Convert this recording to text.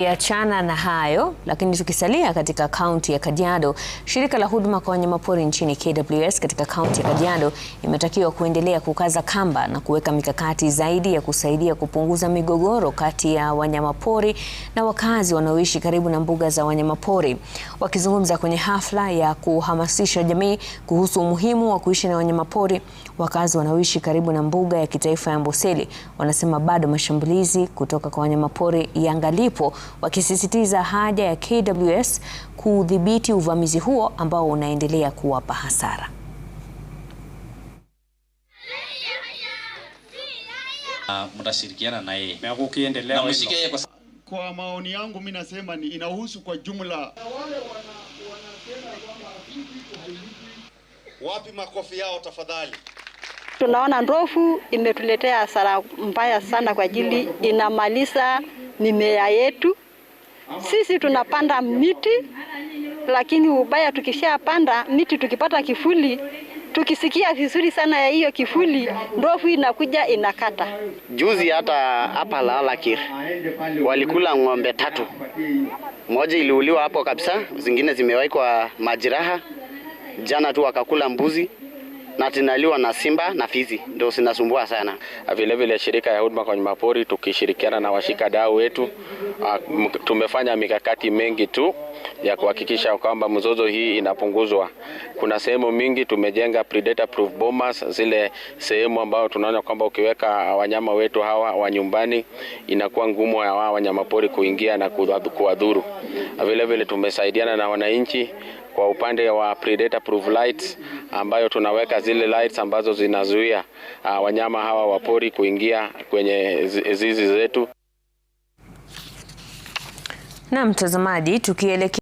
Tukiachana na hayo lakini, tukisalia katika kaunti ya Kajiado, shirika la huduma kwa wanyamapori nchini KWS katika kaunti ya Kajiado imetakiwa kuendelea kukaza kamba na kuweka mikakati zaidi ya kusaidia kupunguza migogoro kati ya wanyamapori na wakazi wanaoishi karibu na mbuga za wanyamapori. Wakizungumza kwenye hafla ya kuhamasisha jamii kuhusu umuhimu wa kuishi na wanyamapori, wakazi wanaoishi karibu na mbuga ya kitaifa ya Amboseli wanasema bado mashambulizi kutoka kwa wanyamapori yangalipo, wakisisitiza haja ya KWS kudhibiti uvamizi huo ambao unaendelea kuwapa hasara. Ah, mtashirikiana na yeye. Kwa maoni yangu mi nasema ni inahusu kwa jumla wapi makofi yao tafadhali. Tunaona ndovu imetuletea hasara mbaya sana, kwa ajili inamaliza mimea yetu. Sisi tunapanda miti, lakini ubaya, tukishapanda miti tukipata kifuli tukisikia vizuri sana ya hiyo kifuli, ndovu inakuja inakata. Juzi hata hapa Lalakir walikula ng'ombe tatu, moja iliuliwa hapo kabisa, zingine zimewaikwa kwa majiraha. Jana tu wakakula mbuzi na tinaliwa na simba na fizi, ndio zinasumbua sana. Vilevile ah, vile shirika ya huduma kwa wanyamapori tukishirikiana na washika dau wetu ah, tumefanya mikakati mengi tu ya kuhakikisha kwamba mzozo hii inapunguzwa. Kuna sehemu mingi tumejenga predator proof bomas, zile sehemu ambayo tunaona kwamba ukiweka wanyama wetu hawa wa nyumbani inakuwa ngumu ya wanyama pori kuingia na kuwadhuru. Vile vile tumesaidiana na wananchi kwa upande wa predator proof lights ambayo tunaweka zile lights ambazo zinazuia uh, wanyama hawa wa pori kuingia kwenye zizi zetu. Na mtazamaji tukielekea